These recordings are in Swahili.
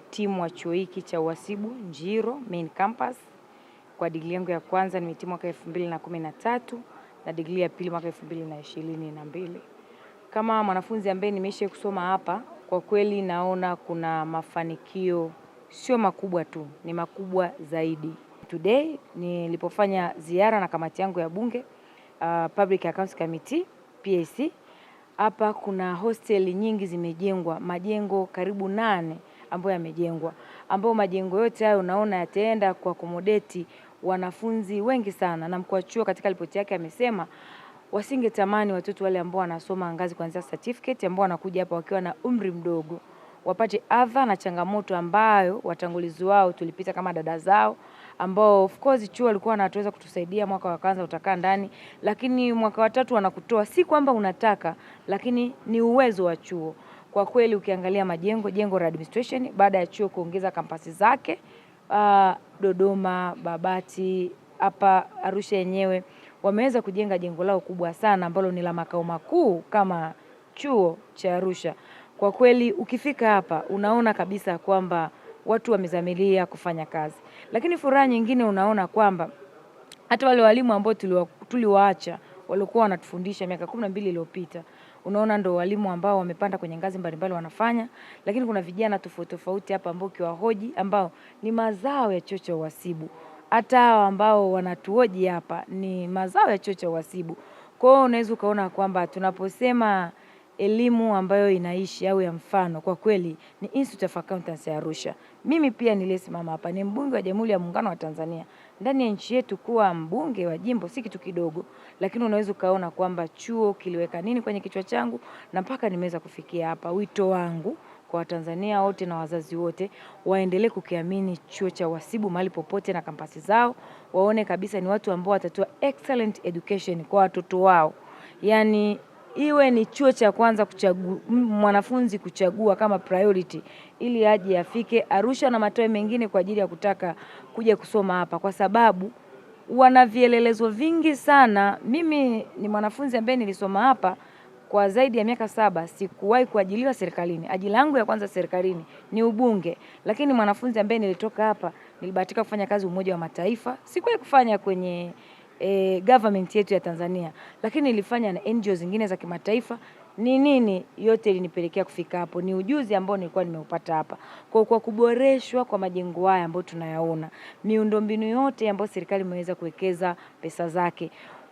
nimehitimu wa chuo hiki cha uhasibu Njiro main campus. Kwa digrii yangu ya kwanza nimehitimu mwaka 2013 na digrii ya pili mwaka 2022. Kama mwanafunzi ambaye nimeisha kusoma hapa, kwa kweli naona kuna mafanikio sio makubwa tu, ni makubwa zaidi. Today nilipofanya ziara na kamati yangu ya bunge uh, Public Accounts Committee PAC hapa kuna hosteli nyingi zimejengwa, majengo karibu nane ambayo yamejengwa, ambayo majengo yote hayo unaona yataenda kwa akomodeti wanafunzi wengi sana, na mkuu wa chuo katika ripoti yake amesema wasingetamani watoto wale ambao wanasoma ngazi kuanzia certificate ambao wanakuja hapa wakiwa na umri mdogo wapate adha na changamoto ambayo watangulizi wao tulipita kama dada zao, ambao of course chuo walikuwa wanatuweza kutusaidia. Mwaka wa kwanza utakaa ndani, lakini mwaka wa tatu wanakutoa, si kwamba unataka, lakini ni uwezo wa chuo. Kwa kweli ukiangalia majengo, jengo la administration baada ya chuo kuongeza kampasi zake uh, Dodoma, Babati, hapa Arusha yenyewe wameweza kujenga jengo lao kubwa sana ambalo ni la makao makuu kama chuo cha Arusha. Kwa kweli ukifika hapa unaona kabisa kwamba watu wamezamilia kufanya kazi, lakini furaha nyingine unaona kwamba hata wale walimu ambao tuliwaacha waliokuwa wanatufundisha miaka kumi na mbili iliyopita unaona ndo walimu ambao wamepanda kwenye ngazi mbalimbali wanafanya, lakini kuna vijana tofauti tofauti hapa ambao ukiwahoji ambao ni mazao ya chuo cha uhasibu, hata hawa ambao wanatuhoji hapa ni mazao ya chuo cha uhasibu. Kwa hiyo unaweza ukaona kwamba tunaposema elimu ambayo inaishi au ya mfano kwa kweli ni Institute of Accountancy ya Arusha. Mimi pia niliyesimama hapa ni mbunge wa Jamhuri ya Muungano wa Tanzania. Ndani ya nchi yetu kuwa mbunge wa jimbo si kitu kidogo, lakini unaweza ukaona kwamba chuo kiliweka nini kwenye kichwa changu na mpaka nimeweza kufikia hapa. Wito wangu kwa Watanzania wote na wazazi wote waendelee kukiamini chuo cha uhasibu mahali popote na kampasi zao, waone kabisa ni watu ambao watatoa excellent education kwa watoto wao, yaani iwe ni chuo cha kwanza kuchagu, mwanafunzi kuchagua kama priority ili aje afike Arusha na matoe mengine kwa ajili ya kutaka kuja kusoma hapa, kwa sababu wana vielelezo vingi sana. Mimi ni mwanafunzi ambaye nilisoma hapa kwa zaidi ya miaka saba, sikuwahi kuajiliwa serikalini. Ajira yangu ya kwanza serikalini ni ubunge, lakini mwanafunzi ambaye nilitoka hapa, nilibahatika kufanya kazi Umoja wa Mataifa, sikuwahi kufanya kwenye e, government yetu ya Tanzania, lakini nilifanya na NGO zingine za kimataifa. Ni nini yote ilinipelekea kufika hapo? Ni ujuzi ambao nilikuwa nimeupata hapa kwa, kwa kuboreshwa kwa majengo haya ambayo tunayaona, miundombinu yote ambayo serikali imeweza kuwekeza pesa zake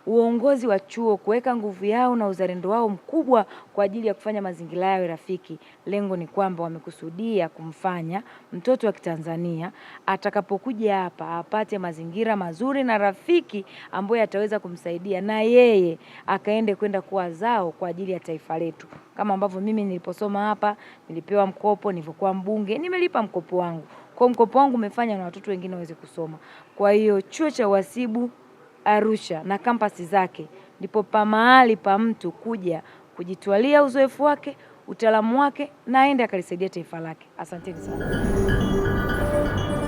uongozi wa chuo kuweka nguvu yao na uzalendo wao mkubwa kwa ajili ya kufanya mazingira yao rafiki. Lengo ni kwamba wamekusudia kumfanya mtoto wa Kitanzania atakapokuja hapa apate mazingira mazuri na rafiki ambayo ataweza kumsaidia na yeye akaende kwenda kuwa zao kwa ajili ya taifa letu, kama ambavyo mimi niliposoma hapa nilipewa mkopo, nilivyokuwa mbunge nimelipa mkopo wangu, kwa mkopo wangu umefanya na watoto wengine waweze kusoma. Kwa hiyo chuo cha uhasibu Arusha na kampasi zake ndipo pa mahali pa mtu kuja kujitwalia uzoefu wake, utaalamu wake na aende akalisaidia taifa lake. Asanteni sana.